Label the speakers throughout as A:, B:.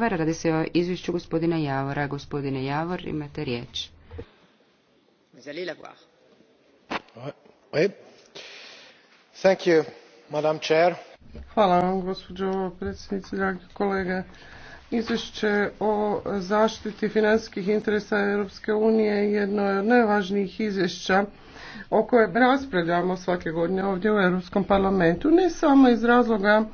A: radi se o izvješću gospodina Javora. Gospodine Javor, imate riječ.
B: Hvala vam, gospođo predsjednice, dragi kolege. Izvješće o zaštiti financijskih interesa Europske unije je jedno od najvažnijih izvješća o kojem raspravljamo svake godine ovdje u Europskom parlamentu, ne samo iz razloga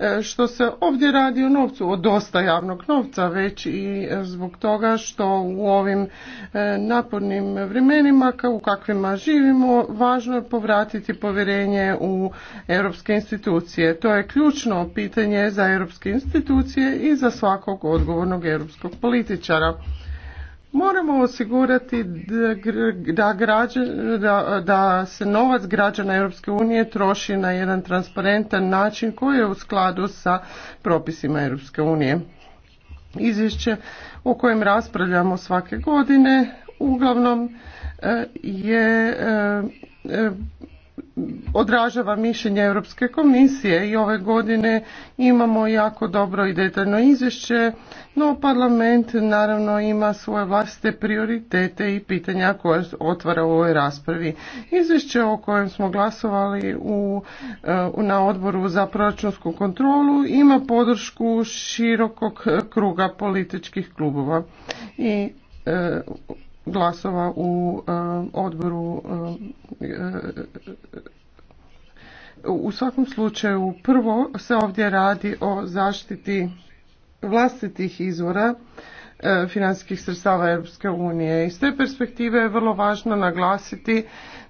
B: E, što se ovdje radi o novcu, o dosta javnog novca, već i e, zbog toga što u ovim e, napornim vremenima u kakvima živimo, važno je povratiti povjerenje u europske institucije. To je ključno pitanje za europske institucije i za svakog odgovornog europskog političara. Moramo osigurati da, da, da se novac građana Europske unije troši na jedan transparentan način koji je u skladu sa propisima Europske unije. Izvješće o kojem raspravljamo svake godine uglavnom e, je e, e, odražava mišljenje Europske komisije i ove godine imamo jako dobro i detaljno izvješće, no parlament naravno ima svoje vlastite prioritete i pitanja koja otvara u ovoj raspravi. Izvješće o kojem smo glasovali u, e, na odboru za proračunsku kontrolu ima podršku širokog kruga političkih klubova i e, glasova u eh, odboru eh, eh, u svakom slučaju prvo se ovdje radi o zaštiti vlastitih izvora financijskih sredstava Europske unije. Iz te perspektive je vrlo važno naglasiti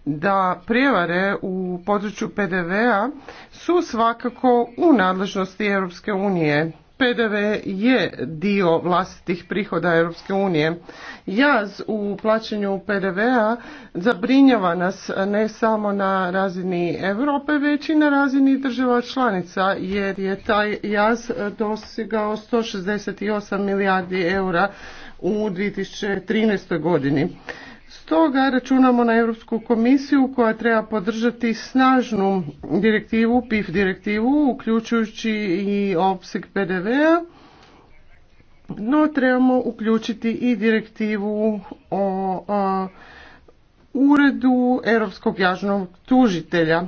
B: da prijevare u području PDV-a su svakako u nadležnosti Europske unije PDV je dio vlastitih prihoda Europske unije. Jaz u plaćanju PDV-a zabrinjava nas ne samo na razini Europe, već i na razini država članica, jer je taj jaz dosigao 168 milijardi eura u 2013. godini. Stoga računamo na Europsku komisiju koja treba podržati snažnu direktivu, PIF direktivu, uključujući i opseg PDV-a, no trebamo uključiti i direktivu o, o uredu Europskog jažnog tužitelja.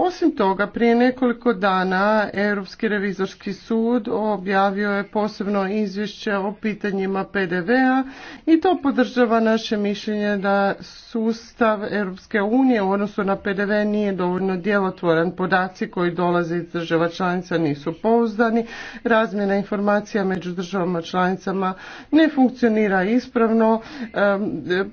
B: Osim toga, prije nekoliko dana Europski revizorski sud objavio je posebno izvješće o pitanjima PDV-a i to podržava naše mišljenje da sustav Europske unije u odnosu na PDV nije dovoljno djelotvoran. Podaci koji dolaze iz država članica nisu pouzdani, razmjena informacija među državama članicama ne funkcionira ispravno,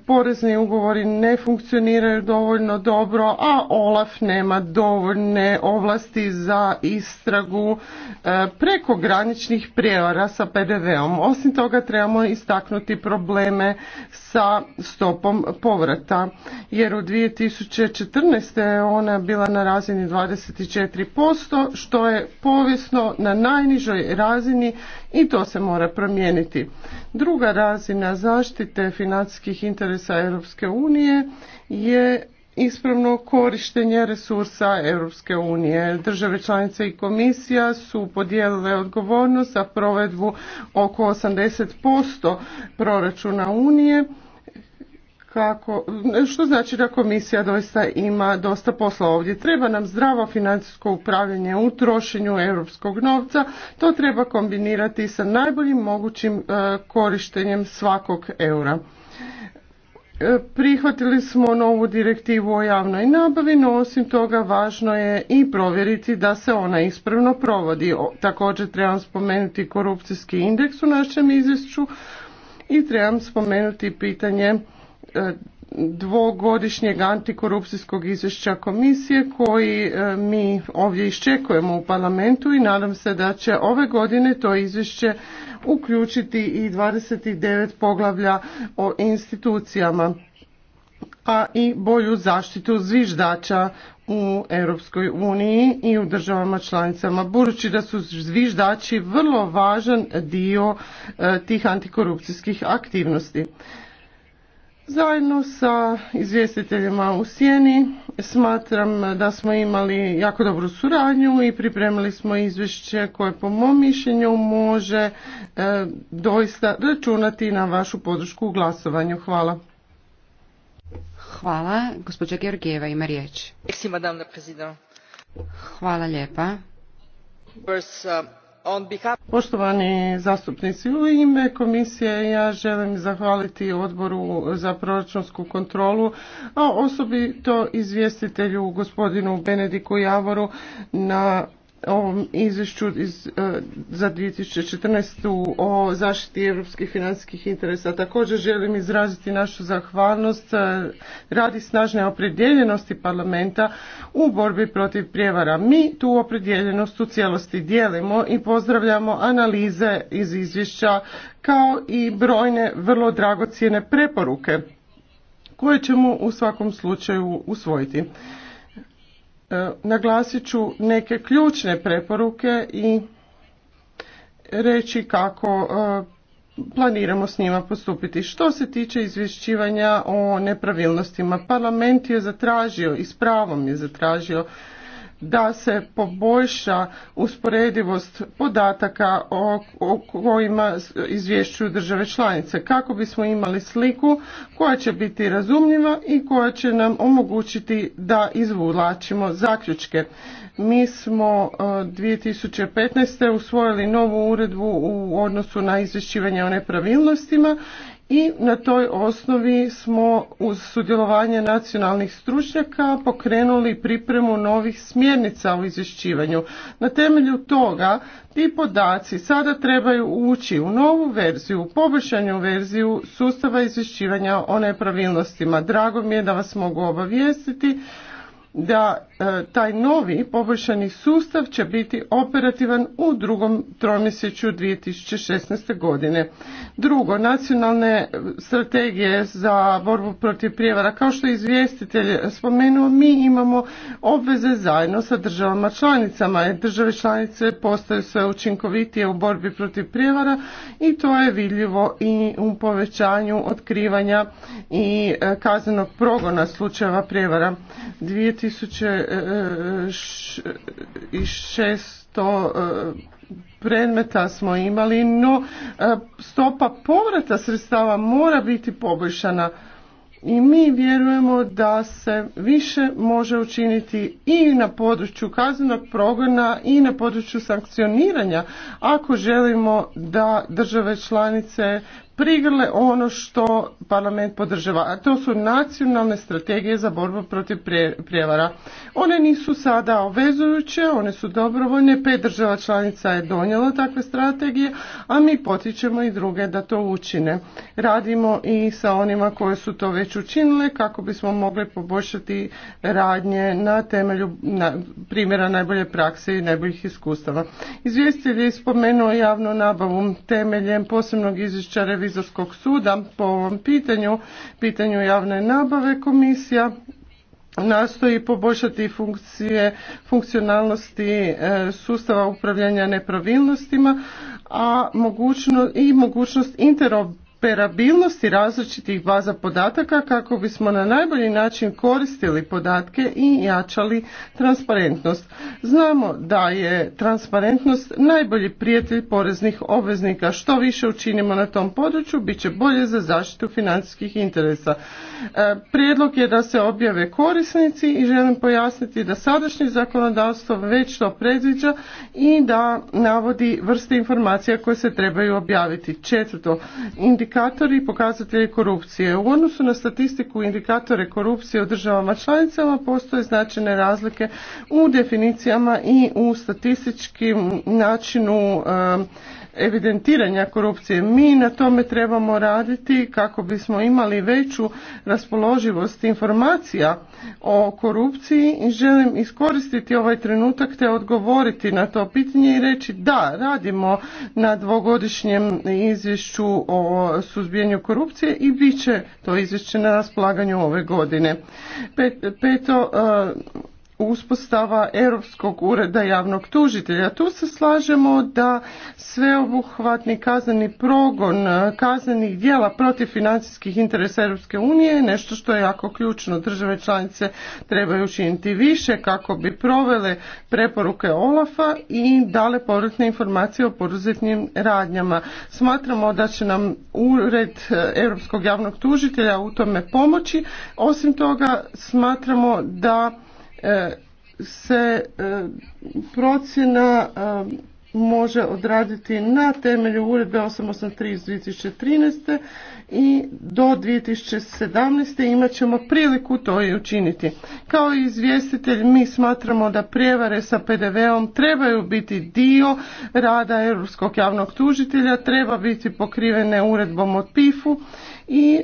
B: porezni ugovori ne funkcioniraju dovoljno dobro, a OLAF nema dovoljno dovoljne ovlasti za istragu e, prekograničnih prijevara sa PDV-om. Osim toga trebamo istaknuti probleme sa stopom povrata jer u 2014. ona je bila na razini 24% što je povijesno na najnižoj razini i to se mora promijeniti. Druga razina zaštite financijskih interesa Europske unije je ispravno korištenje resursa Europske unije. Države članice i komisija su podijelile odgovornost za provedbu oko 80% proračuna unije kako, što znači da komisija doista ima dosta posla ovdje. Treba nam zdravo financijsko upravljanje u trošenju europskog novca, to treba kombinirati sa najboljim mogućim e, korištenjem svakog eura. E, prihvatili smo novu direktivu o javnoj nabavi, no osim toga važno je i provjeriti da se ona ispravno provodi. Također trebam spomenuti korupcijski indeks u našem izvješću i trebam spomenuti pitanje e, dvogodišnjeg antikorupcijskog izvješća komisije koji e, mi ovdje iščekujemo u parlamentu i nadam se da će ove godine to izvješće uključiti i 29 poglavlja o institucijama a i bolju zaštitu zviždača u Europskoj uniji i u državama članicama. Budući da su zviždači vrlo važan dio e, tih antikorupcijskih aktivnosti. Zajedno sa izvjestiteljima u Sjeni smatram da smo imali jako dobru suradnju i pripremili smo izvješće koje po mom mišljenju može e, doista računati na vašu podršku u glasovanju. Hvala. Hvala. Gospođa Georgijeva ima riječ. Hvala lijepa.
C: Uh,
B: Poštovani zastupnici, u ime komisije ja želim zahvaliti odboru za proračunsku kontrolu, a osobito izvjestitelju gospodinu Benediku Javoru na ovom izvješću iz, e, za 2014. o zaštiti europskih financijskih interesa. Također želim izraziti našu zahvalnost e, radi snažne opredjeljenosti parlamenta u borbi protiv prijevara. Mi tu opredjeljenost u cijelosti dijelimo i pozdravljamo analize iz izvješća kao i brojne vrlo dragocjene preporuke koje ćemo u svakom slučaju usvojiti. E, naglasit ću neke ključne preporuke i reći kako e, planiramo s njima postupiti. Što se tiče izvješćivanja o nepravilnostima, parlament je zatražio i s pravom je zatražio da se poboljša usporedivost podataka o, kojima izvješćuju države članice kako bismo imali sliku koja će biti razumljiva i koja će nam omogućiti da izvlačimo zaključke. Mi smo 2015. E, usvojili novu uredbu u odnosu na izvješćivanje o nepravilnostima i na toj osnovi smo uz sudjelovanje nacionalnih stručnjaka pokrenuli pripremu novih smjernica u izvješćivanju. Na temelju toga ti podaci sada trebaju ući u novu verziju, u poboljšanju verziju sustava izvješćivanja o nepravilnostima. Drago mi je da vas mogu obavijestiti da E, taj novi poboljšani sustav će biti operativan u drugom tromjesečju 2016. godine. Drugo, nacionalne strategije za borbu protiv prijevara. Kao što je izvjestitelj spomenuo, mi imamo obveze zajedno sa državama članicama. države članice postaju sve učinkovitije u borbi protiv prijevara i to je vidljivo i u povećanju otkrivanja i e, kaznenog progona slučajeva prijevara. 2000 i šesto e, predmeta smo imali, no e, stopa povrata sredstava mora biti poboljšana i mi vjerujemo da se više može učiniti i na području kaznenog progona i na području sankcioniranja ako želimo da države članice prigrle ono što parlament podržava, a to su nacionalne strategije za borbu protiv prijevara. One nisu sada obvezujuće, one su dobrovoljne, pet država članica je donijela takve strategije, a mi potičemo i druge da to učine. Radimo i sa onima koje su to već učinile kako bismo mogli poboljšati radnje na temelju primjera najbolje prakse i najboljih iskustava. Izvjestitelj je spomenuo javnu nabavu temeljem posebnog izvješća revizorskog suda po ovom pitanju, pitanju javne nabave komisija nastoji poboljšati funkcije, funkcionalnosti e, sustava upravljanja nepravilnostima a mogućno, i mogućnost interoperabilnosti interoperabilnosti različitih baza podataka kako bismo na najbolji način koristili podatke i jačali transparentnost. Znamo da je transparentnost najbolji prijatelj poreznih obveznika. Što više učinimo na tom području, bit će bolje za zaštitu financijskih interesa. E, prijedlog je da se objave korisnici i želim pojasniti da sadašnje zakonodavstvo već to predviđa i da navodi vrste informacija koje se trebaju objaviti. Četvrto, indikatori i pokazatelji korupcije. U odnosu na statistiku indikatore korupcije u državama članicama postoje značajne razlike u definicijama i u statističkim načinu e, evidentiranja korupcije. Mi na tome trebamo raditi kako bismo imali veću raspoloživost informacija o korupciji i želim iskoristiti ovaj trenutak te odgovoriti na to pitanje i reći da, radimo na dvogodišnjem izvješću o suzbijanju korupcije i bit će to izvješće na raspolaganju ove godine. Peto, uspostava Europskog ureda javnog tužitelja. Tu se slažemo da sveobuhvatni kazneni progon kaznenih dijela protiv financijskih interesa Europske unije je nešto što je jako ključno. Države članice trebaju učiniti više kako bi provele preporuke Olafa i dale povratne informacije o poduzetnim radnjama. Smatramo da će nam ured Europskog javnog tužitelja u tome pomoći. Osim toga smatramo da E, se e, procjena e, može odraditi na temelju uredbe 883 iz 2013. i do 2017. imat ćemo priliku to i učiniti. Kao izvjestitelj mi smatramo da prijevare sa PDV-om trebaju biti dio rada Europskog javnog tužitelja, treba biti pokrivene uredbom od PIF-u i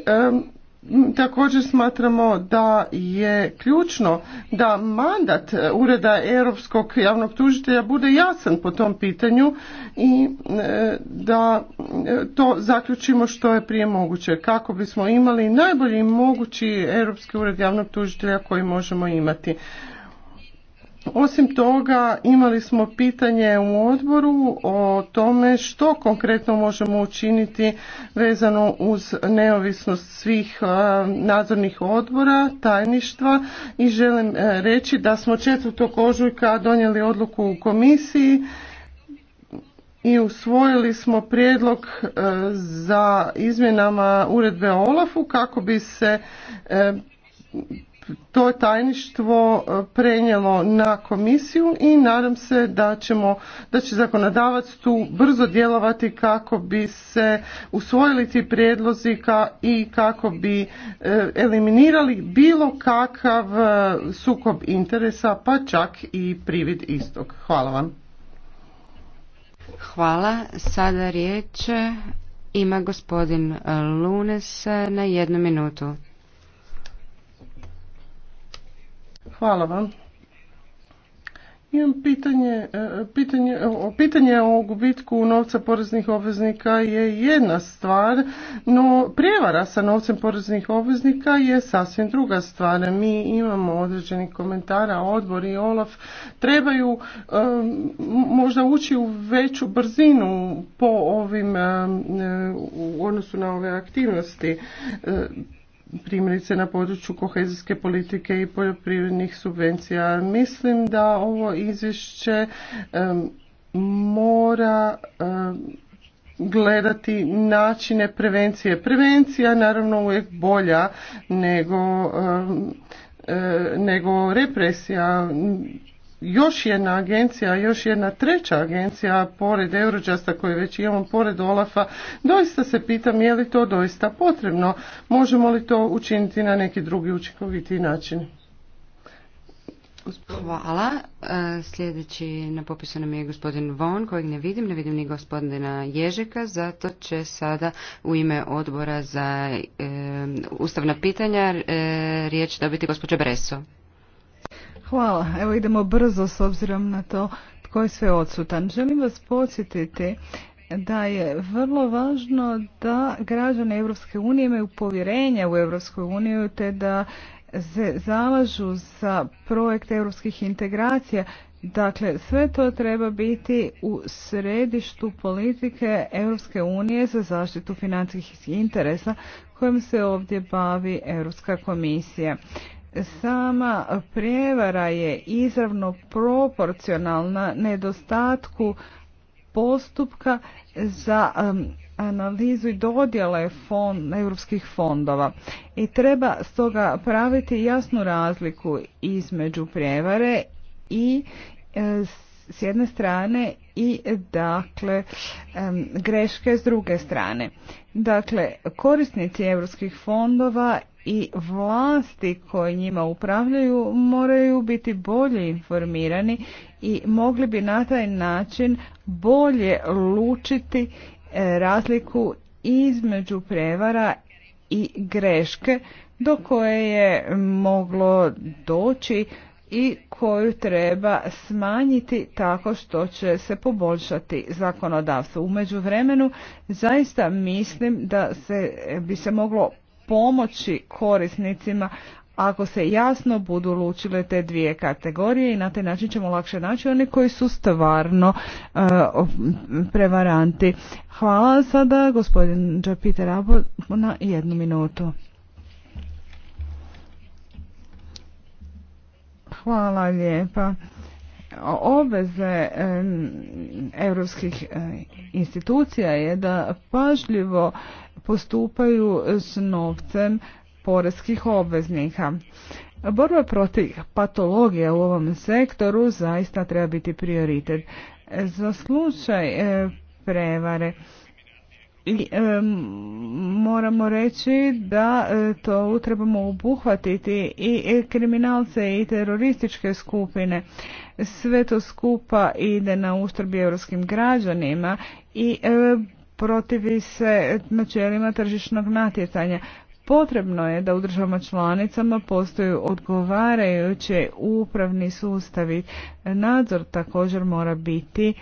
B: Također smatramo da je ključno da mandat e, Ureda Europskog javnog tužitelja bude jasan po tom pitanju i e, da e, to zaključimo što je prije moguće kako bismo imali najbolji mogući Europski ured javnog tužitelja koji možemo imati. Osim toga, imali smo pitanje u odboru o tome što konkretno možemo učiniti vezano uz neovisnost svih e, nadzornih odbora, tajništva i želim e, reći da smo 4. ožujka donijeli odluku u komisiji i usvojili smo prijedlog e, za izmjenama uredbe o Olafu kako bi se to tajništvo e, prenijelo na komisiju i nadam se da ćemo, da će zakonodavac tu brzo djelovati kako bi se usvojili ti prijedlozi i kako bi e, eliminirali bilo kakav e, sukob interesa pa čak i privid istog. Hvala vam. Hvala. Sada riječ
A: ima gospodin Lunes na jednu minutu.
B: Hvala vam. Imam pitanje, e, pitanje, pitanje o gubitku novca poreznih obveznika je jedna stvar, no prijevara sa novcem poreznih obveznika je sasvim druga stvar. Mi imamo određenih komentara, odbor i Olaf trebaju e, možda ući u veću brzinu po ovim e, u odnosu na ove aktivnosti primjerice na području kohezijske politike i poljoprivrednih subvencija. Mislim da ovo izvješće mora gledati načine prevencije. Prevencija naravno uvijek bolja nego e, nego represija još jedna agencija, još jedna treća agencija pored Eurojusta koju već imamo pored Olafa, doista se pitam je li to doista potrebno, možemo li to učiniti na neki drugi učinkovitiji način. Hvala. E,
A: sljedeći na popisu nam je gospodin Von, kojeg ne vidim, ne vidim ni gospodina Ježeka, zato će sada u ime odbora za e, ustavna pitanja e, riječ dobiti gospođa Breso.
D: Hvala. Evo idemo brzo s obzirom na to tko je sve odsutan. Želim vas podsjetiti da je vrlo važno da građane Europske unije imaju povjerenja u Europsku uniju te da se zalažu za projekt europskih integracija. Dakle, sve to treba biti u središtu politike Europske unije za zaštitu financijskih interesa kojim se ovdje bavi Europska komisija. Sama prijevara je izravno proporcionalna nedostatku postupka za um, analizu i dodjele fond, europskih fondova. I treba stoga praviti jasnu razliku između prijevare i e, s jedne strane i dakle greške s druge strane. Dakle, korisnici europskih fondova i vlasti koje njima upravljaju moraju biti bolje informirani i mogli bi na taj način bolje lučiti e, razliku između prevara i greške do koje je moglo doći i koju treba smanjiti tako što će se poboljšati zakonodavstvo. U međuvremenu zaista mislim da se bi se moglo pomoći korisnicima ako se jasno budu lučile te dvije kategorije i na taj način ćemo lakše naći one koji su stvarno eh, prevaranti. Hvala sada gospodin Peter na jednu minutu. Hvala lijepa. Obveze europskih eh, eh, institucija je da pažljivo postupaju s novcem poreskih obveznika. Borba protiv patologija u ovom sektoru zaista treba biti prioritet. Za slučaj e, prevare e, moramo reći da e, to trebamo obuhvatiti i, kriminalce i terorističke skupine. Sve to skupa ide na uštrb europskim građanima i protivi se načelima tržišnog natjecanja. Potrebno je da u državama članicama postoju odgovarajuće upravni sustavi. Nadzor također mora biti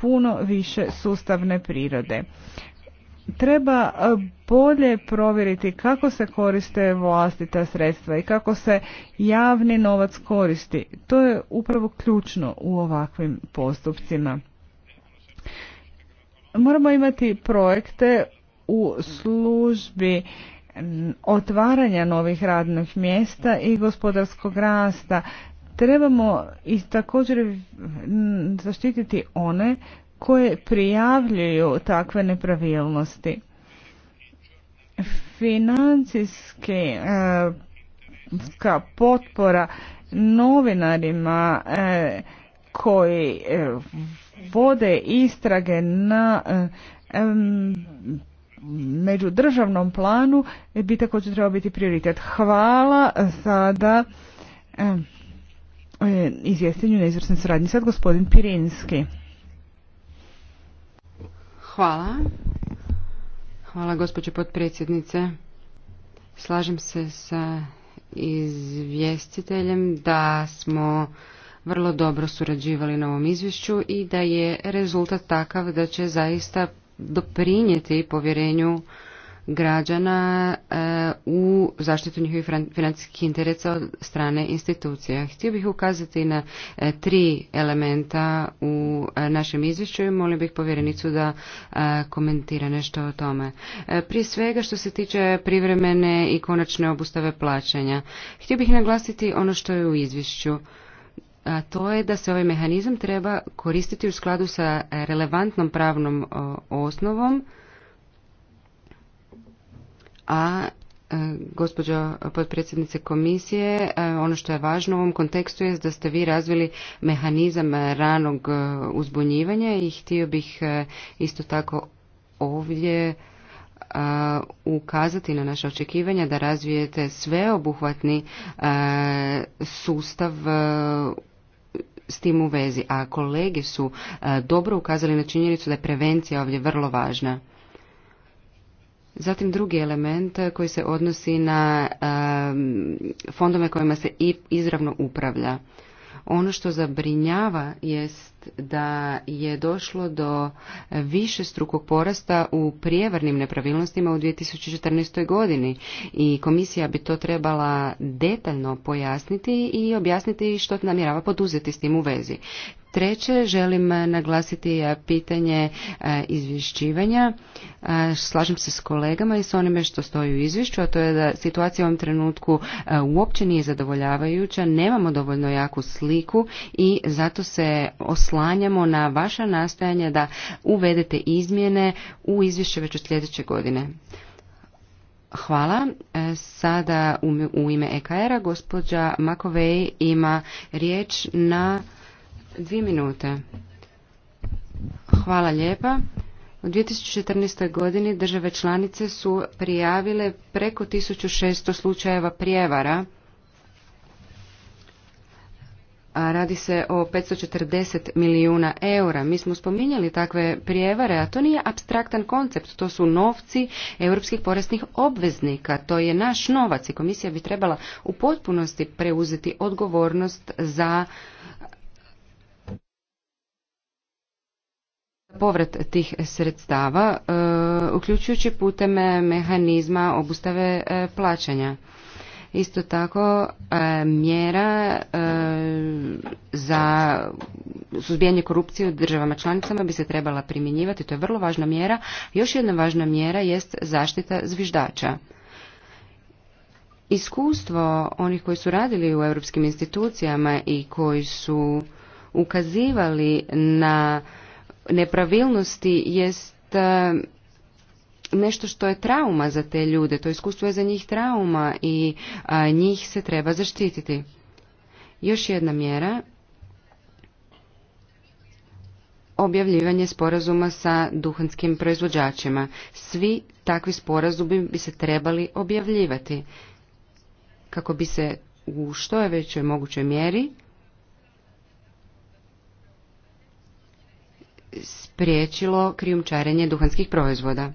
D: puno više sustavne prirode. Treba bolje provjeriti kako se koriste vlastita sredstva i kako se javni novac koristi. To je upravo ključno u ovakvim postupcima. Moramo imati projekte u službi otvaranja novih radnih mjesta i gospodarskog rasta. Trebamo i također zaštititi one koje prijavljuju takve nepravilnosti. Financijski eh, potpora novinarima eh, koji eh, vode istrage na eh, međudržavnom planu eh, bi također trebao biti prioritet. Hvala eh, sada izvjestenju na izvrsnoj Sad gospodin Pirinski.
A: Hvala. Hvala gospođo potpredsjednice. Slažem se sa izvjestiteljem da smo vrlo dobro surađivali na ovom izvješću i da je rezultat takav da će zaista doprinijeti povjerenju građana e, u zaštitu njihovih financijskih interesa od strane institucija. Htio bih ukazati na e, tri elementa u e, našem izvješću i molim bih povjerenicu da komentira nešto o tome. Prije svega što se tiče privremene i konačne obustave plaćanja. Htio bih naglasiti ono što je u izvješću a to je da se ovaj mehanizam treba koristiti u skladu sa relevantnom pravnom osnovom, a e, gospođo potpredsjednice komisije, e, ono što je važno u ovom kontekstu je da ste vi razvili mehanizam ranog e, uzbunjivanja i htio bih isto tako ovdje ukazati na naše očekivanja da razvijete sveobuhvatni sustav s tim u vezi, a kolege su e, dobro ukazali na činjenicu da je prevencija ovdje vrlo važna. Zatim drugi element koji se odnosi na e, fondove kojima se izravno upravlja. Ono što zabrinjava jest da je došlo do više strukog porasta u prijevarnim nepravilnostima u 2014. godini i komisija bi to trebala detaljno pojasniti i objasniti što namjerava poduzeti s tim u vezi. Treće, želim eh, naglasiti eh, pitanje eh, izvješćivanja. Slažem se s kolegama i s onime što stoji u izvješću, a to je da situacija u ovom trenutku uopće nije zadovoljavajuća, nemamo dovoljno jaku sliku i zato se oslanjamo na vaša nastojanja da uvedete izmjene u izvješće već od sljedeće godine. Hvala. Sada u ime EKR-a gospođa Makovej ima riječ na Dvije minute. Hvala lijepa. U 2014. godini države članice su prijavile preko 1600 slučajeva prijevara. A radi se o 540 milijuna eura. Mi smo spominjali takve prijevare, a to nije abstraktan koncept. To su novci europskih poreznih obveznika. To je naš novac i komisija bi trebala u potpunosti preuzeti odgovornost za povrat tih sredstava, e, uključujući putem mehanizma obustave e, plaćanja. Isto tako e, mjera za suzbijanje korupcije u državama članicama bi se trebala primjenjivati, to je vrlo važna mjera. Još jedna važna mjera jest zaštita zviždača. Iskustvo onih koji su radili u europskim institucijama i koji su ukazivali na nepravilnosti jest e, nešto što je trauma za te ljude to iskustvo je za njih trauma i e, njih se treba zaštititi još jedna mjera objavljivanje sporazuma sa duhanskim proizvođačima svi takvi sporazumi bi se trebali objavljivati kako bi se u što je većoj mogućoj mjeri spriječilo krijumčarenje duhanskih proizvoda.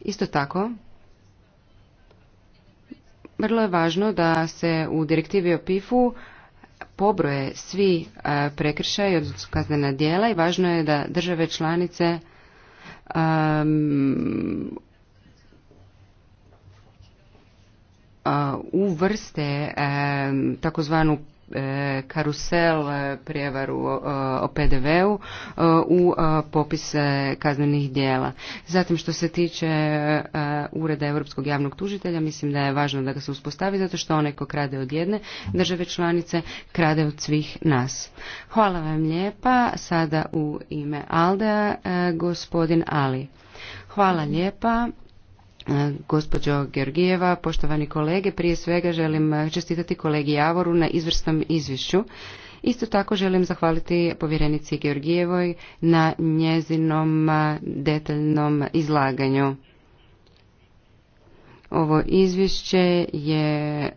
A: Isto tako, vrlo je važno da se u direktivi o PIF-u pobroje svi e, prekršaj, od kaznena djela i važno je da države članice uvrste um, takozvanu E, karusel e, prijevaru o e, PDV-u u popise kaznenih dijela. Zatim što se tiče Ureda Europskog javnog tužitelja, mislim da je važno da ga se uspostavi zato što onaj ko krade od jedne države članice, krade od svih nas. Hvala vam lijepa. Sada u ime Aldea gospodin Ali. Hvala lijepa. Gospođo Georgijeva, poštovani kolege, prije svega želim čestitati kolegi Javoru na izvrsnom izvješću. Isto tako želim zahvaliti povjerenici Georgijevoj na njezinom detaljnom izlaganju. Ovo izvješće je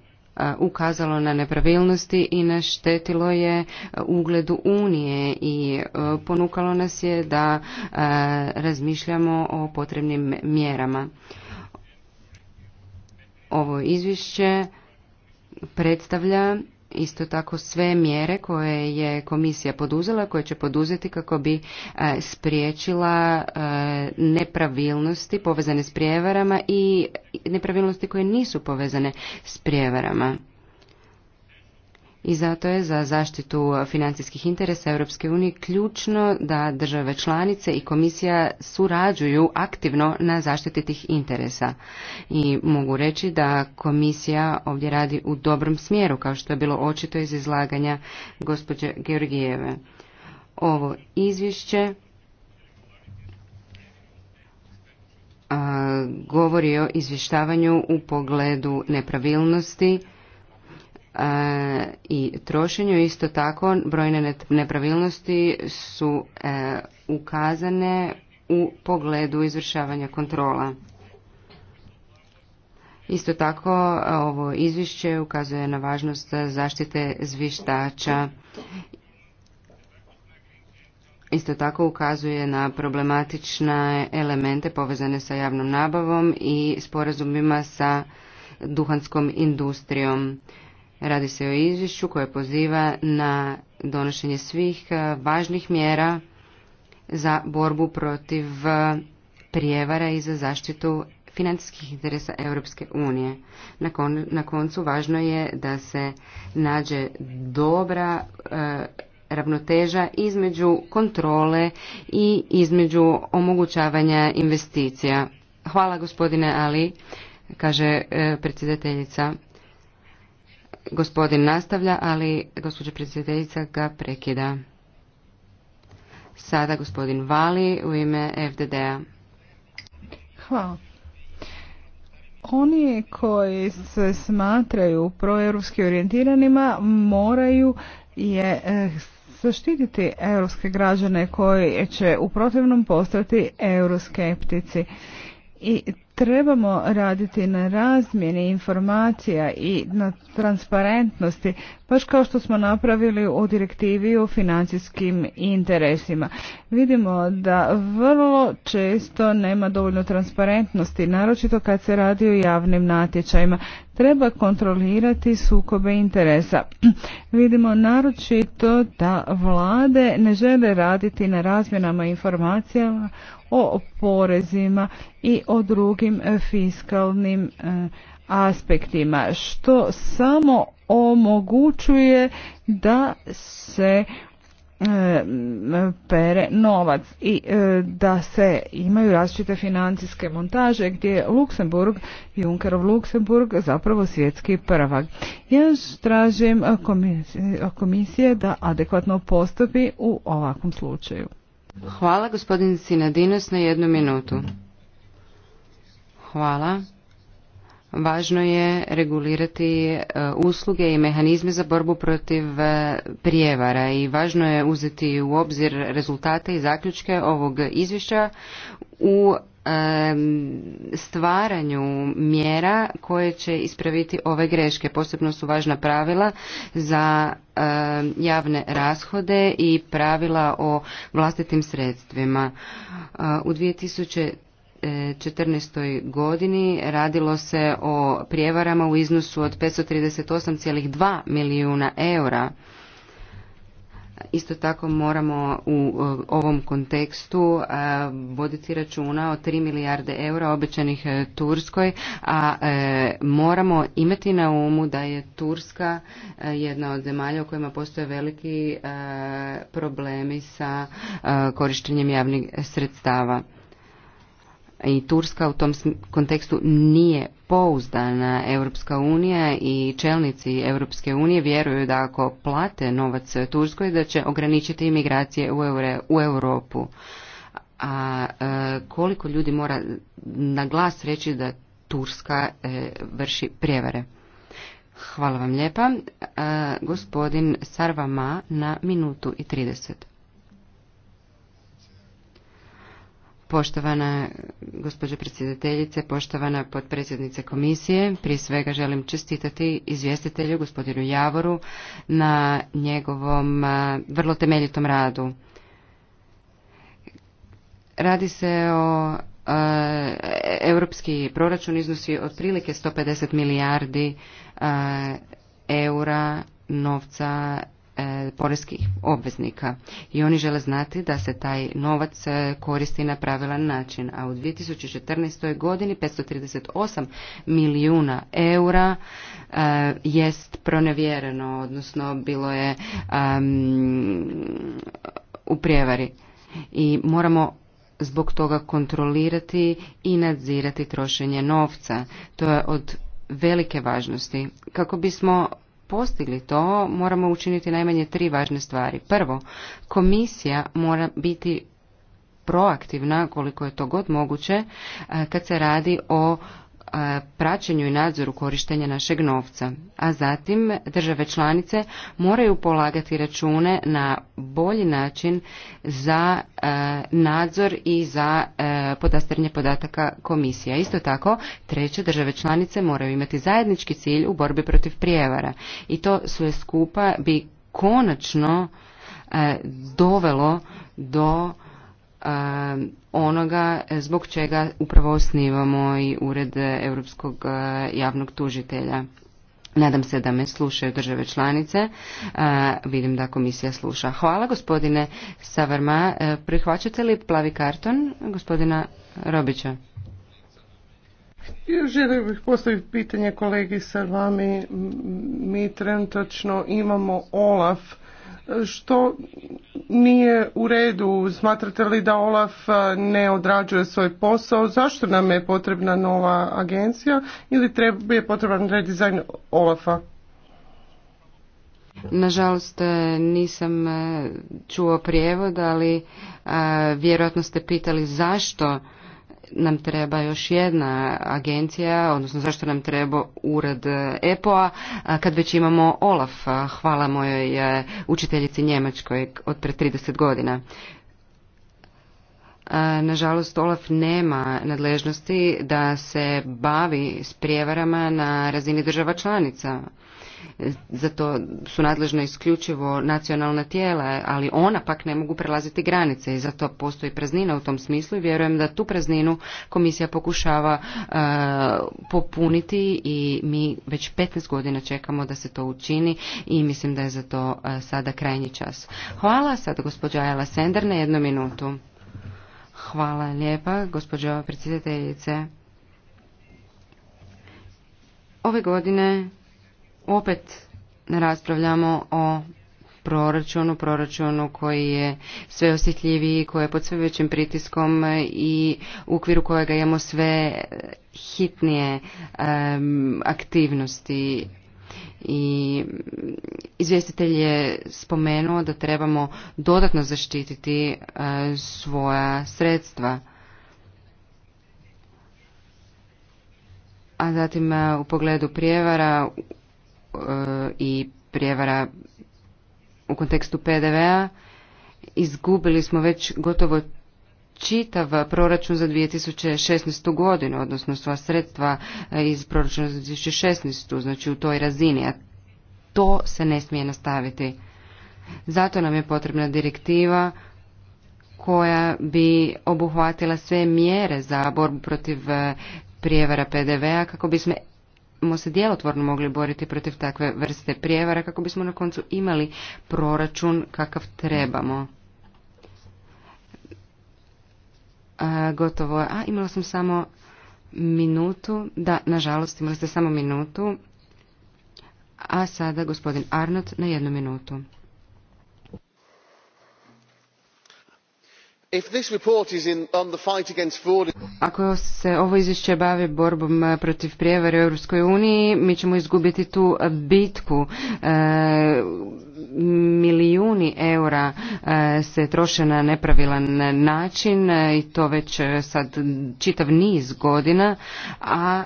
A: ukazalo na nepravilnosti i naštetilo je ugledu Unije i ponukalo nas je da razmišljamo o potrebnim mjerama. Ovo izvješće predstavlja isto tako sve mjere koje je komisija poduzela, koje će poduzeti kako bi e, spriječila e, nepravilnosti povezane s prijevarama i nepravilnosti koje nisu povezane s prijevarama i zato je za zaštitu financijskih interesa Europske unije ključno da države članice i komisija surađuju aktivno na zaštiti tih interesa. I mogu reći da komisija ovdje radi u dobrom smjeru, kao što je bilo očito iz izlaganja gospođe Georgijeve. Ovo izvješće govori o izvještavanju u pogledu nepravilnosti i trošenju. Isto tako, brojne nepravilnosti su e, ukazane u pogledu izvršavanja kontrola. Isto tako, ovo izvješće ukazuje na važnost zaštite zvištača. Isto tako ukazuje na problematične elemente povezane sa javnom nabavom i sporazumima sa duhanskom industrijom. Radi se o izvješću koje poziva na donošenje svih eh, važnih mjera za borbu protiv eh, prijevara i za zaštitu financijskih interesa Europske unije. Na koncu važno je da se nađe dobra eh, ravnoteža između kontrole i između omogućavanja investicija. Hvala gospodine Ali, kaže predsjedateljica. Gospodin nastavlja, ali gospođa predsjedeljica ga prekida. Sada gospodin Vali u ime FDD-a.
D: Hvala. Oni koji se smatraju proeuropski orijentiranima moraju je eh, zaštititi europske građane koji će u protivnom postati euroskeptici. I trebamo raditi na razmjeni informacija i na transparentnosti baš kao što smo napravili u direktivi o financijskim interesima. Vidimo da vrlo često nema dovoljno transparentnosti, naročito kad se radi o javnim natječajima. Treba kontrolirati sukobe interesa. Vidimo naročito da vlade ne žele raditi na razmjenama informacijama o porezima i o drugim fiskalnim eh, aspektima, što samo omogućuje da se e, pere novac i e, da se imaju različite financijske montaže gdje je Luksemburg, Junkerov Luksemburg zapravo svjetski prvak. Ja tražim komisije, komisije da adekvatno postupi u ovakvom slučaju.
A: Hvala gospodin Sinadinos na jednu minutu. Hvala. Važno je regulirati e, usluge i mehanizme za borbu protiv e, prijevara i važno je uzeti u obzir rezultate i zaključke ovog izvješća u e, stvaranju mjera koje će ispraviti ove greške. Posebno su važna pravila za javne rashode i pravila o vlastitim sredstvima. U 2013. 2014. godini radilo se o prijevarama u iznosu od 538,2 milijuna eura. Isto tako moramo u ovom kontekstu voditi računa o 3 milijarde eura obećanih e, Turskoj, a e, moramo imati na umu da je Turska e, jedna od zemalja u kojima postoje veliki problemi sa korištenjem javnih sredstava i Turska u tom kontekstu nije pouzdana Europska unija i čelnici Europske unije vjeruju da ako plate novac Turskoj da će ograničiti imigracije u, Eure, u Europu. A e, koliko ljudi mora na glas reći da Turska e, vrši prijevare? Hvala vam lijepa. E, gospodin Sarvama na minutu i 30. Poštovana gospođo predsjedateljice, poštovana potpredsjednice komisije, prije svega želim čestitati izvjestitelju gospodinu Javoru na njegovom vrlo temeljitom radu. Radi se o europski proračun iznosi otprilike 150 milijardi eura novca E, poreskih obveznika i oni žele znati da se taj novac e, koristi na pravilan način. A u 2014. godini 538 milijuna eura e, jest pronevjereno, odnosno bilo je u prijevari. I moramo zbog toga kontrolirati i nadzirati trošenje novca. To je od velike važnosti kako bismo postigli to, moramo učiniti najmanje tri važne stvari. Prvo, komisija mora biti proaktivna koliko je to god moguće eh, kad se radi o praćenju i nadzoru korištenja našeg novca, a zatim države članice moraju polagati račune na bolji način za nadzor i za podastrnje podataka komisija. Isto tako, treće države članice moraju imati zajednički cilj u borbi protiv prijevara i to sve skupa bi konačno dovelo do Um, onoga e, zbog čega upravo osnivamo i Ured Europskog e, javnog tužitelja. Nadam se da me slušaju države članice. E, vidim da komisija sluša. Hvala gospodine Savarma. Prihvaćate li plavi karton gospodina Robića?
B: Želim bih postaviti pitanje kolegi vami. Mi trenutačno imamo OLAF što nije u redu? Smatrate li da Olaf eh, ne odrađuje svoj posao? Zašto nam je potrebna nova agencija ili treba, je potreban redizajn Olafa?
A: Nažalost eh, nisam eh, čuo prijevod, ali vjerojatno ste pitali zašto nam treba još jedna agencija, odnosno zašto nam treba ured EPO-a, kad već imamo Olaf, hvala mojoj učiteljici Njemačkoj od pre 30 godina. Nažalost, Olaf nema nadležnosti da se bavi s prijevarama na razini država članica za to su nadležna isključivo nacionalna tijela, ali ona pak ne mogu prelaziti granice i zato postoji praznina u tom smislu i vjerujem da tu prazninu komisija pokušava e, popuniti i mi već 15 godina čekamo da se to učini i mislim da je za to e, sada krajnji čas. Hvala sada gospođa Ajela Sender na jednu minutu. Hvala lijepa gospođo predsjedateljice. Ove godine opet raspravljamo o proračunu, proračunu koji je sve osjetljiviji, koji je pod sve većim pritiskom i u okviru kojega imamo sve hitnije aktivnosti i izvjestitelj je spomenuo da trebamo dodatno zaštititi e, svoja sredstva. A zatim e, u pogledu prijevara E, i prijevara u kontekstu PDV-a izgubili smo već gotovo čitav proračun za 2016. godinu, odnosno sva sredstva e, iz proračuna za 2016. znači u toj razini, a to se ne smije nastaviti. Zato nam je potrebna direktiva koja bi obuhvatila sve mjere za borbu protiv e, prijevara PDV-a kako bismo bismo se djelotvorno mogli boriti protiv takve vrste prijevara kako bismo na koncu imali proračun kakav trebamo. A, gotovo je. A, imala sam samo minutu. Da, nažalost, imali ste samo minutu. A sada gospodin Arnot na jednu minutu. Ako se ovo izvješće bavi borbom e, protiv prijevare u Europskoj uniji, mi ćemo izgubiti tu e, bitku. E, milijuni eura se troše na nepravilan način i to već sad čitav niz godina, a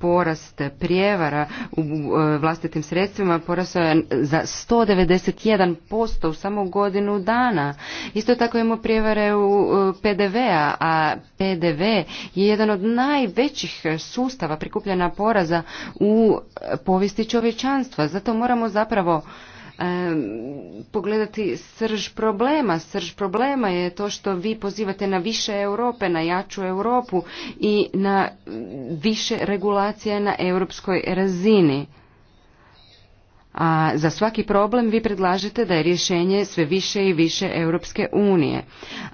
A: porast prijevara u e, vlastitim sredstvima porasao je za 191% u samo godinu dana. Isto tako imamo prijevare u PDV-a, a PDV je jedan od najvećih sustava prikupljena poraza u povijesti čovječanstva. Zato moramo zapravo pogledati srž problema. Srž problema je to što vi pozivate na više Europe, na jaču Europu i na više regulacija na europskoj razini a za svaki problem vi predlažete da je rješenje sve više i više Europske unije.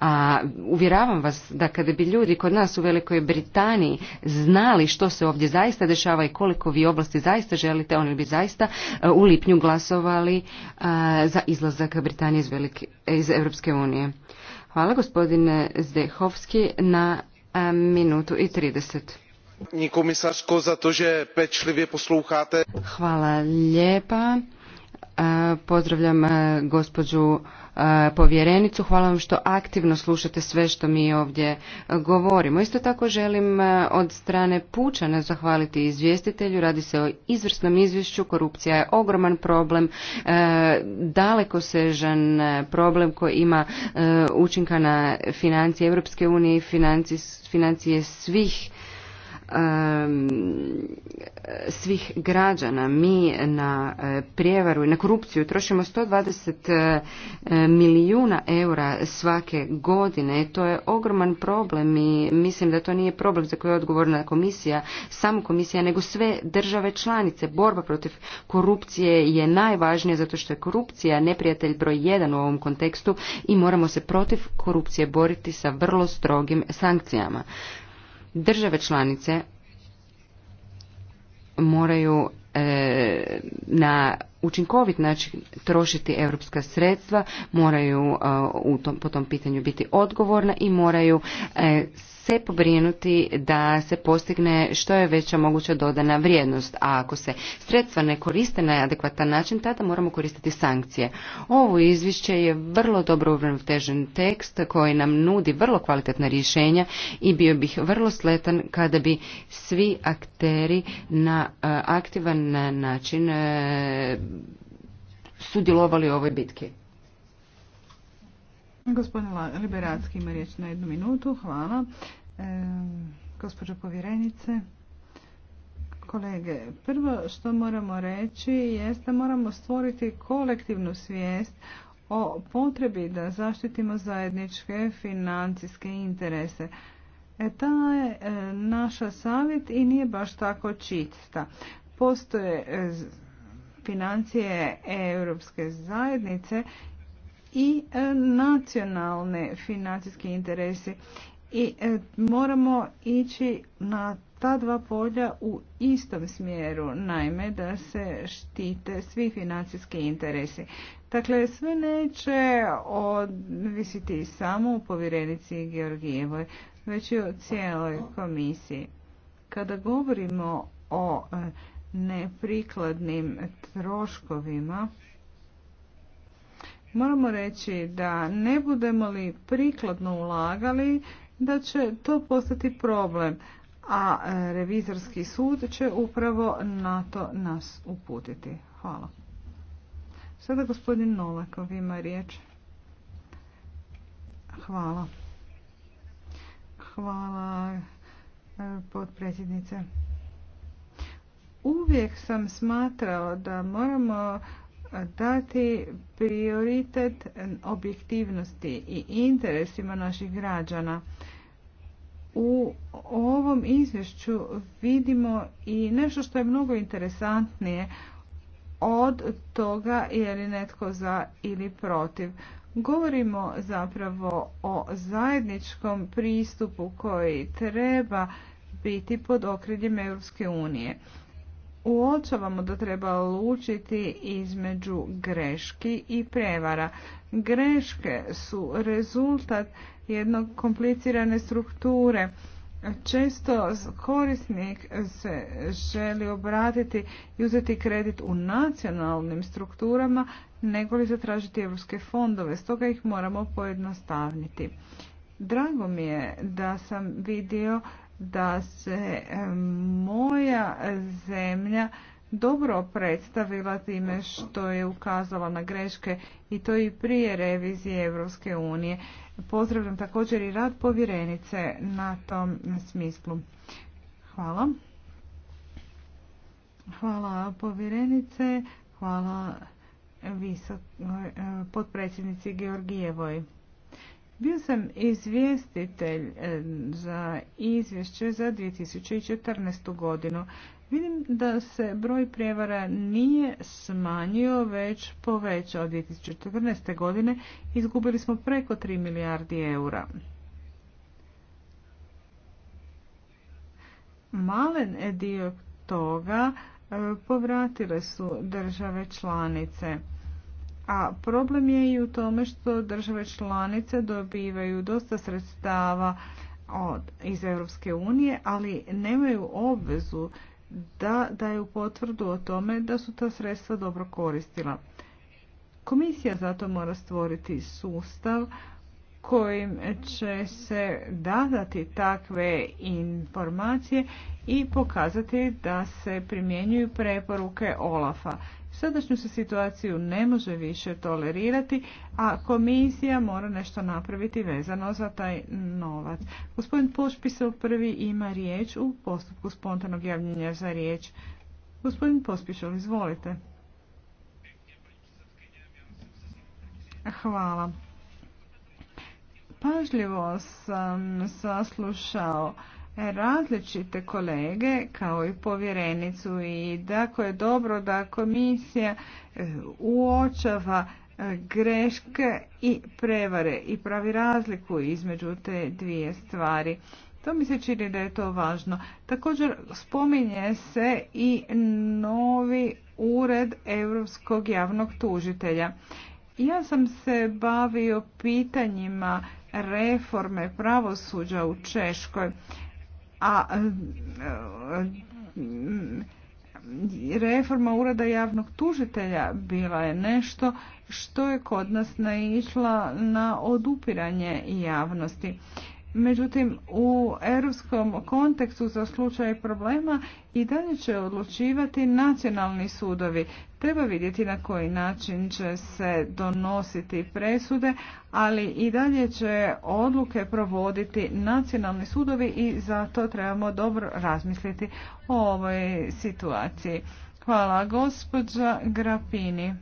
A: A uvjeravam vas da kada bi ljudi kod nas u Velikoj Britaniji znali što se ovdje zaista dešava i koliko vi oblasti zaista želite, oni bi zaista e, u lipnju glasovali e, za izlazak Britanije iz, Velike, iz Europske unije. Hvala gospodine Zdehovski na e, minutu i 30
B: za to že
A: Hvala lijepa. E, pozdravljam e, gospođu e, povjerenicu. Hvala vam što aktivno slušate sve što mi ovdje govorimo. Isto tako želim od strane Pučana zahvaliti izvjestitelju. Radi se o izvrsnom izvješću. Korupcija je ogroman problem, Dalekosežan problem koji ima učinka na financije Europske unije i financije svih svih građana. Mi na e, prijevaru i na korupciju trošimo 120 e, milijuna eura svake godine. To je ogroman problem i mislim da to nije problem za koji je odgovorna komisija, samo komisija, nego sve države članice. Borba protiv korupcije je najvažnija zato što je korupcija neprijatelj broj jedan u ovom kontekstu i moramo se protiv korupcije boriti sa vrlo strogim sankcijama. Države članice moraju e, na učinkovit način trošiti europska sredstva, moraju uh, u tom, po tom pitanju biti odgovorna i moraju uh, se pobrinuti da se postigne što je veća moguća dodana vrijednost, a ako se sredstva ne koriste na adekvatan način, tada moramo koristiti sankcije. Ovo izvješće je vrlo dobro uravnotežen tekst koji nam nudi vrlo kvalitetna rješenja i bio bih vrlo sletan kada bi svi akteri na uh, aktivan način sudjelovali u ovoj bitki.
D: Gospodin Liberacki ima riječ na jednu minutu. Hvala. E, gospođo povjerenice, kolege, prvo što moramo reći jest da moramo stvoriti kolektivnu svijest o potrebi da zaštitimo zajedničke financijske interese. E, ta je e, naša savjet i nije baš tako čista. Postoje e, financije Europske zajednice i e, nacionalne financijske interesi. I e, moramo ići na ta dva polja u istom smjeru, naime da se štite svi financijski interesi. Dakle, sve neće odvisiti samo u povjerenici Georgijevoj, već i o cijeloj komisiji. Kada govorimo o e, neprikladnim troškovima, moramo reći da ne budemo li prikladno ulagali, da će to postati problem, a revizorski sud će upravo na to nas uputiti. Hvala. Sada gospodin Nolakov ima riječ. Hvala. Hvala eh, potpredsjednice. Uvijek sam smatrao da moramo dati prioritet objektivnosti i interesima naših građana. U ovom izvješću vidimo i nešto što je mnogo interesantnije od toga je li netko za ili protiv. Govorimo zapravo o zajedničkom pristupu koji treba biti pod okriljem Europske unije uočavamo da treba lučiti između greški i prevara. Greške su rezultat jednog komplicirane strukture. Često korisnik se želi obratiti i uzeti kredit u nacionalnim strukturama nego li zatražiti evropske fondove, stoga ih moramo pojednostavniti. Drago mi je da sam vidio da se e, moja zemlja dobro predstavila time što je ukazala na greške i to i prije revizije Evropske unije. Pozdravljam također i rad povjerenice na tom smislu. Hvala. Hvala povjerenice, hvala e, potpredsjednici Georgijevoj. Bio sam izvjestitelj e, za izvješće za 2014. godinu. Vidim da se broj prijevara nije smanjio, već povećao od 2014. godine. Izgubili smo preko 3 milijardi eura. Malen e, dio toga e, povratile su države članice. A problem je i u tome što države članice dobivaju dosta sredstava od, iz Europske unije, ali nemaju obvezu da daju potvrdu o tome da su ta sredstva dobro koristila. Komisija zato mora stvoriti sustav kojim će se dadati takve informacije i pokazati da se primjenjuju preporuke OLAF-a. Sadašnju se situaciju ne može više tolerirati, a komisija mora nešto napraviti vezano za taj novac. Gospodin Pošpisov prvi ima riječ u postupku spontanog javljanja za riječ. Gospodin Pospišov, izvolite. Hvala. Pažljivo sam saslušao različite kolege kao i povjerenicu i da je dobro da komisija e, uočava e, greške i prevare i pravi razliku između te dvije stvari. To mi se čini da je to važno. Također spominje se i novi ured Europskog javnog tužitelja. Ja sam se bavio pitanjima reforme pravosuđa u Češkoj a e, e, reforma ureda javnog tužitelja bila je nešto što je kod nas naišla na odupiranje javnosti. Međutim, u europskom kontekstu za slučaj problema i dalje će odlučivati nacionalni sudovi. Treba vidjeti na koji način će se donositi presude, ali i dalje će odluke provoditi nacionalni sudovi i zato trebamo dobro razmisliti o ovoj situaciji. Hvala gospođa Grapini.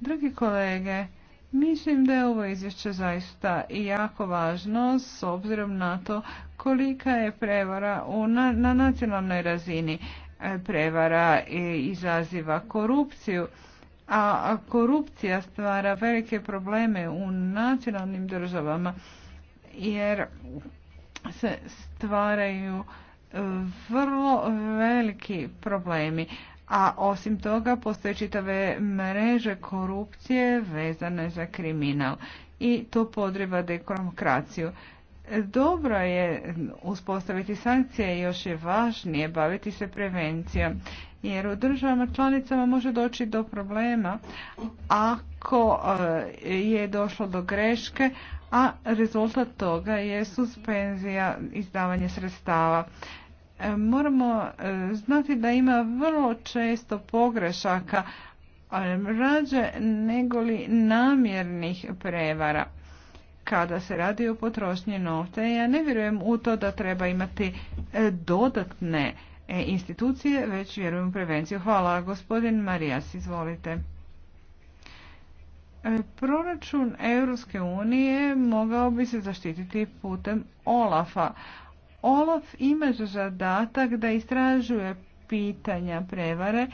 D: Dragi kolege, Mislim da je ovo izvješće zaista jako važno s obzirom na to kolika je prevara na nacionalnoj razini prevara izaziva korupciju, a korupcija stvara velike probleme u nacionalnim državama jer se stvaraju e, vrlo veliki problemi. A osim toga postoje čitave mreže korupcije vezane za kriminal i to podriva demokraciju. Dobro je uspostaviti sankcije, još je važnije baviti se prevencijom, jer u državama članicama može doći do problema ako e, je došlo do greške, a rezultat toga je suspenzija izdavanja sredstava. E, moramo e, znati da ima vrlo često pogrešaka, rađe negoli namjernih prevara kada se radi o potrošnji novca. Ja ne vjerujem u to da treba imati e, dodatne e, institucije, već vjerujem u prevenciju. Hvala. Gospodin Marijas, izvolite. E, proračun Europske unije mogao bi se zaštititi putem Olafa. Olaf ima zadatak da istražuje pitanja prevare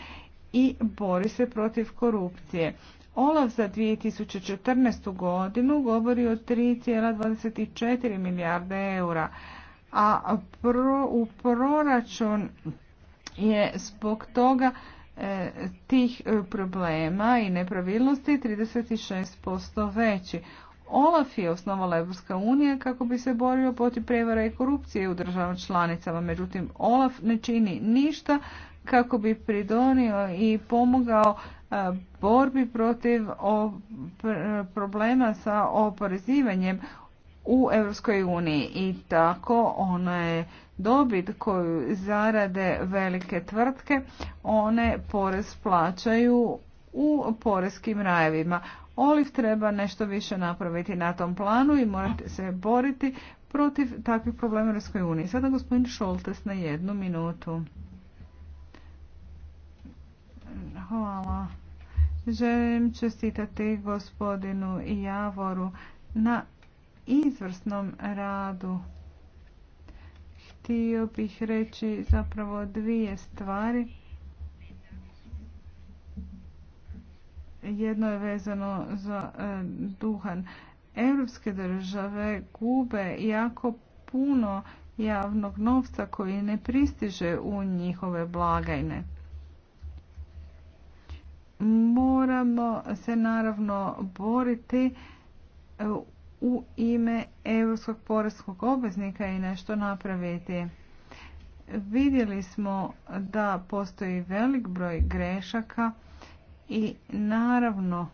D: i bori se protiv korupcije. Olaf za 2014. godinu govori o 3,24 milijarde eura, a u proračun je zbog toga e, tih e, problema i nepravilnosti 36% veći. Olaf je osnovala EU unija kako bi se borio protiv prevara i korupcije u državama članicama, međutim Olaf ne čini ništa kako bi pridonio i pomogao e, borbi protiv problema sa oporezivanjem u Europskoj uniji i tako ona je dobit koju zarade velike tvrtke, one porez plaćaju u porezkim rajevima. Oliv treba nešto više napraviti na tom planu i morate se boriti protiv takvih problema u Europskoj uniji. Sada gospodin Šoltes na jednu minutu. Hvala. Želim čestitati gospodinu Javoru na izvrsnom radu. Htio bih reći zapravo dvije stvari. Jedno je vezano za e, duhan. Europske države gube jako puno javnog novca koji ne pristiže u njihove blagajne moramo se naravno boriti e, u ime europskog poreskog obveznika i nešto napraviti. Vidjeli smo da postoji velik broj grešaka i naravno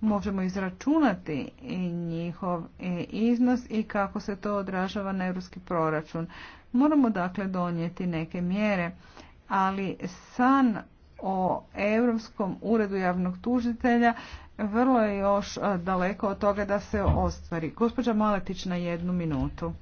D: možemo izračunati njihov e, iznos i kako se to odražava na europski proračun. Moramo dakle donijeti neke mjere, ali san o Europskom uredu javnog tužitelja vrlo je još e, daleko od toga da se ostvari. Gospođa Maletić na jednu minutu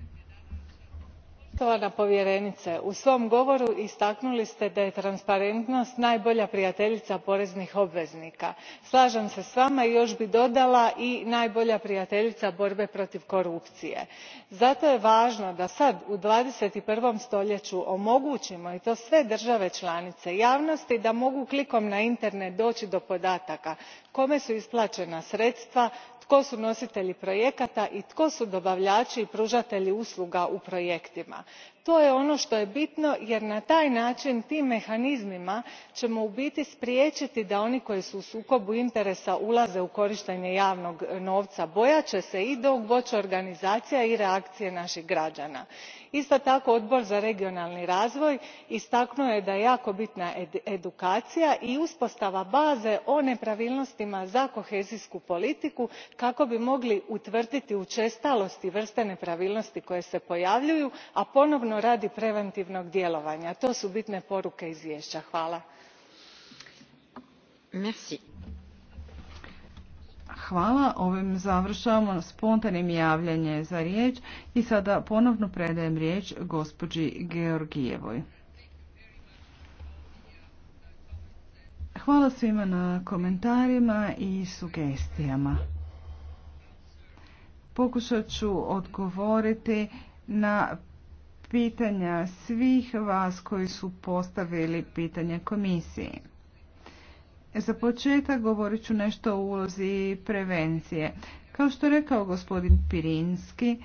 C: poštovana povjerenice u svom govoru istaknuli ste da je transparentnost najbolja prijateljica poreznih obveznika. slažem se s vama i još bi dodala i najbolja prijateljica borbe protiv korupcije. zato je važno da sad u dvadeset one stoljeću omogućimo i to sve države članice javnosti da mogu klikom na internet doći do podataka kome su isplaćena sredstva tko su nositelji projekata i tko su dobavljači i pružatelji usluga u projektima. to je ono što je bitno jer na taj način tim mehanizmima ćemo u biti spriječiti da oni koji su u sukobu interesa ulaze u korištenje javnog novca. bojat će se i dog boće organizacija i reakcije naših građana isto tako odbor za regionalni razvoj istaknuo je da je jako bitna edukacija i uspostava baze o nepravilnostima za kohezijsku politiku kako bi mogli utvrditi učestalosti vrste nepravilnosti koje se pojavljuju a ponovno radi preventivnog djelovanja. to su bitne poruke izvješća. hvala.
D: Hvala, ovim završavamo spontanim javljanje za riječ i sada ponovno predajem riječ gospođi Georgijevoj. Hvala svima na komentarima i sugestijama. Pokušat ću odgovoriti na pitanja svih vas koji su postavili pitanje komisiji. E, za početak govorit ću nešto o ulozi prevencije. Kao što je rekao gospodin Pirinski,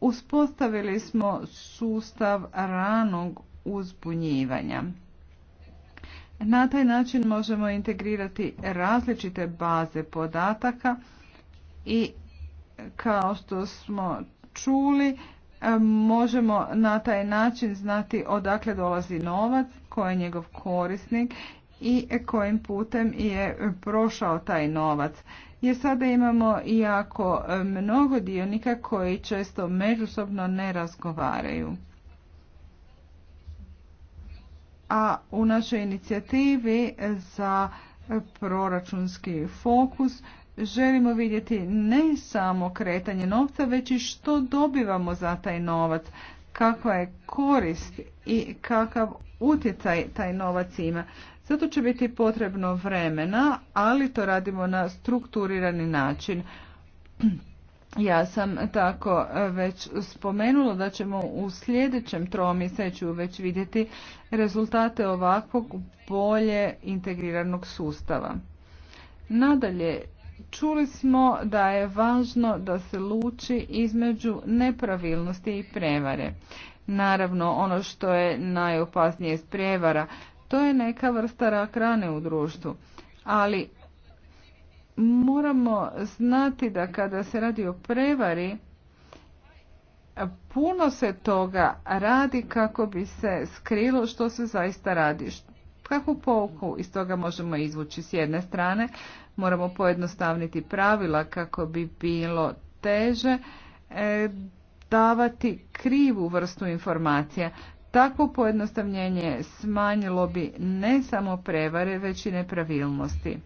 D: uspostavili smo sustav ranog uzbunjivanja. Na taj način možemo integrirati različite baze podataka i kao što smo čuli, e, možemo na taj način znati odakle dolazi novac, ko je njegov korisnik i kojim putem je prošao taj novac. Jer sada imamo jako mnogo dionika koji često međusobno ne razgovaraju. A u našoj inicijativi za proračunski fokus želimo vidjeti ne samo kretanje novca, već i što dobivamo za taj novac, kakva je korist i kakav utjecaj taj novac ima. Zato će biti potrebno vremena, ali to radimo na strukturirani način. Ja sam tako već spomenula da ćemo u sljedećem tromiseću već vidjeti rezultate ovakvog bolje integriranog sustava. Nadalje, čuli smo da je važno da se luči između nepravilnosti i prevare. Naravno, ono što je najopasnije iz prevara to je neka vrsta rak rane u društvu. Ali moramo znati da kada se radi o prevari, puno se toga radi kako bi se skrilo što se zaista radi. Kakvu pouku iz toga možemo izvući s jedne strane? Moramo pojednostavniti pravila kako bi bilo teže e, davati krivu vrstu informacija. Takvo pojednostavljenje smanjilo bi ne samo prevare, već i nepravilnosti.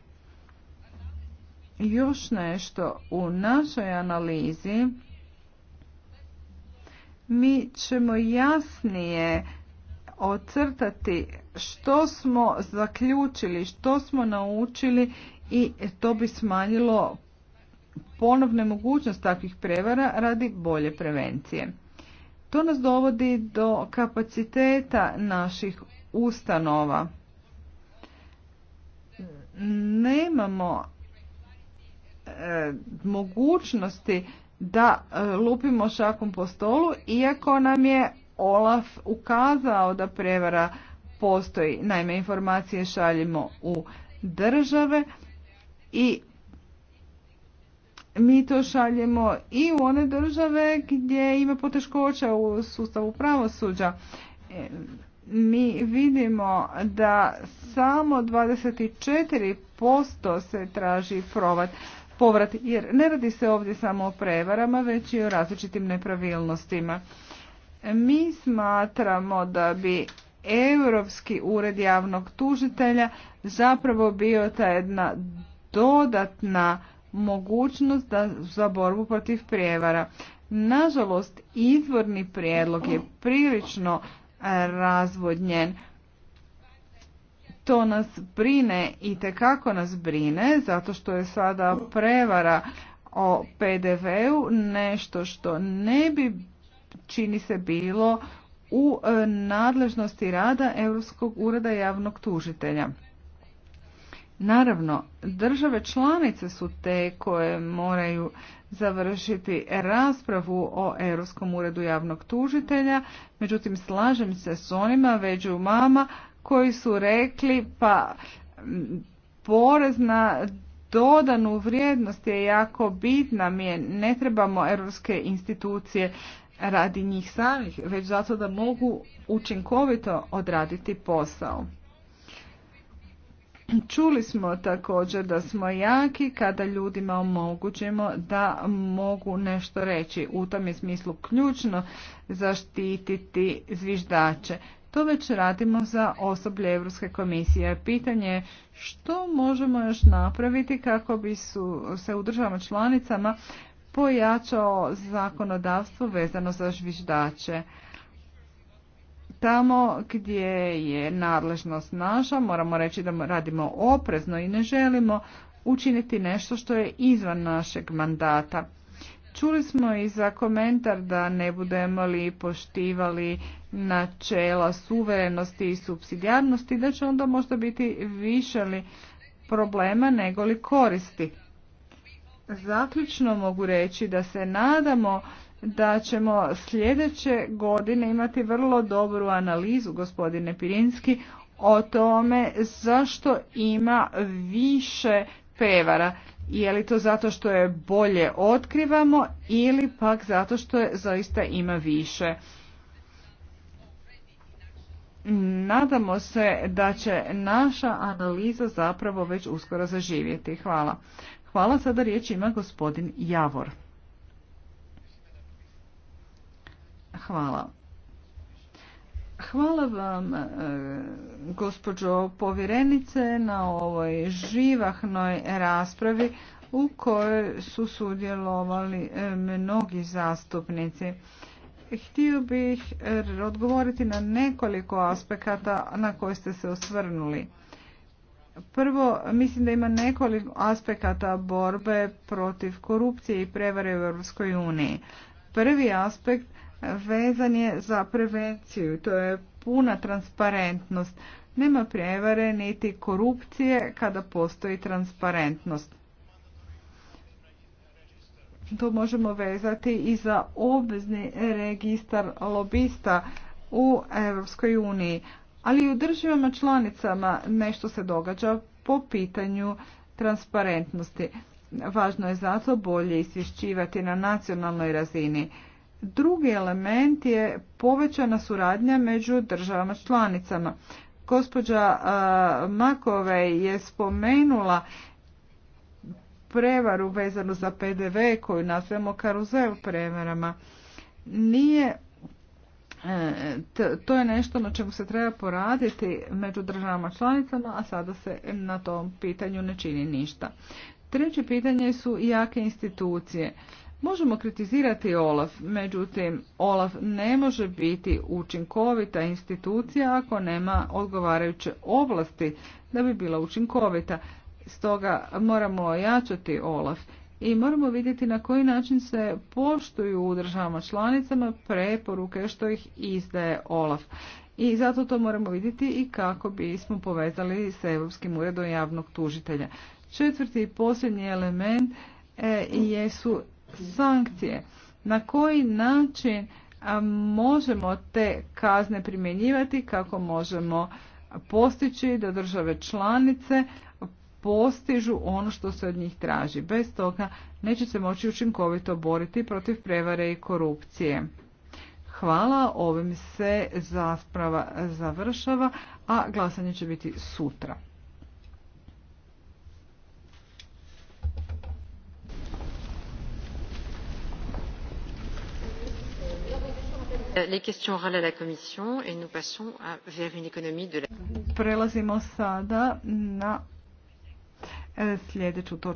D: Još nešto, u našoj analizi mi ćemo jasnije ocrtati što smo zaključili, što smo naučili i to bi smanjilo ponovne mogućnost takvih prevara radi bolje prevencije. To nas dovodi do kapaciteta naših ustanova. Nemamo e, mogućnosti da e, lupimo šakom po stolu, iako nam je Olaf ukazao da prevara postoji. Naime, informacije šaljimo u države i mi to šaljemo i u one države gdje ima poteškoća u sustavu pravosuđa. E, mi vidimo da samo 24% se traži provat, povrat, jer ne radi se ovdje samo o prevarama, već i o različitim nepravilnostima. Mi smatramo da bi Europski ured javnog tužitelja zapravo bio ta jedna dodatna mogućnost da, za borbu protiv prijevara. Nažalost, izvorni prijedlog je prilično e, razvodnjen. To nas brine i tekako nas brine, zato što je sada prevara o PDV-u nešto što ne bi čini se bilo u e, nadležnosti rada Europskog ureda javnog tužitelja. Naravno, države članice su te koje moraju završiti raspravu o Europskom uredu javnog tužitelja, međutim slažem se s onima veđu mama koji su rekli pa porez na dodanu vrijednost je jako bitna, mi je, ne trebamo europske institucije radi njih samih, već zato da mogu učinkovito odraditi posao. Čuli smo također da smo jaki kada ljudima omogućimo da mogu nešto reći. U tom je smislu ključno zaštititi zviždače. To već radimo za osoblje Europske komisije. Pitanje je što možemo još napraviti kako bi su se u državama članicama pojačao zakonodavstvo vezano za zviždače. Tamo gdje je nadležnost naša, moramo reći da radimo oprezno i ne želimo učiniti nešto što je izvan našeg mandata. Čuli smo i za komentar da ne budemo li poštivali načela suverenosti i subsidijarnosti, da će onda možda biti više li problema nego li koristi. Zaključno mogu reći da se nadamo da ćemo sljedeće godine imati vrlo dobru analizu, gospodine Pirinski, o tome zašto ima više pevara. Je li to zato što je bolje otkrivamo ili pak zato što je zaista ima više? Nadamo se da će naša analiza zapravo već uskoro zaživjeti. Hvala. Hvala, sada riječ ima gospodin Javor. Hvala. Hvala vam, e, gospođo povjerenice, na ovoj živahnoj raspravi u kojoj su sudjelovali e, mnogi zastupnici. Htio bih e, odgovoriti na nekoliko aspekata na koje ste se osvrnuli. Prvo, mislim da ima nekoliko aspekata borbe protiv korupcije i prevare u EU. Prvi aspekt vezan je za prevenciju. To je puna transparentnost. Nema prijevare niti korupcije kada postoji transparentnost. To možemo vezati i za obvezni registar lobista u Europskoj uniji. Ali i u državama članicama nešto se događa po pitanju transparentnosti. Važno je zato bolje isvješćivati na nacionalnoj razini. Drugi element je povećana suradnja među državama članicama. Gospođa Makove je spomenula prevaru vezanu za PDV koju nazivamo karuzel prevarama. Nije e, to je nešto na čemu se treba poraditi među državama članicama, a sada se na tom pitanju ne čini ništa. Treće pitanje su jake institucije. Možemo kritizirati Olaf, međutim Olaf ne može biti učinkovita institucija ako nema odgovarajuće ovlasti da bi bila učinkovita. Stoga moramo ojačati Olaf i moramo vidjeti na koji način se poštuju u državama članicama preporuke što ih izdaje Olaf. I zato to moramo vidjeti i kako bismo povezali s Europskim uredom javnog tužitelja. Četvrti i posljednji element e, jesu sankcije. Na koji način možemo te kazne primjenjivati, kako možemo postići da države članice postižu ono što se od njih traži. Bez toga neće se moći učinkovito boriti protiv prevare i korupcije. Hvala, ovim se zasprava završava, a glasanje će biti sutra. Prelazimo sada na euh, sljedeću točku.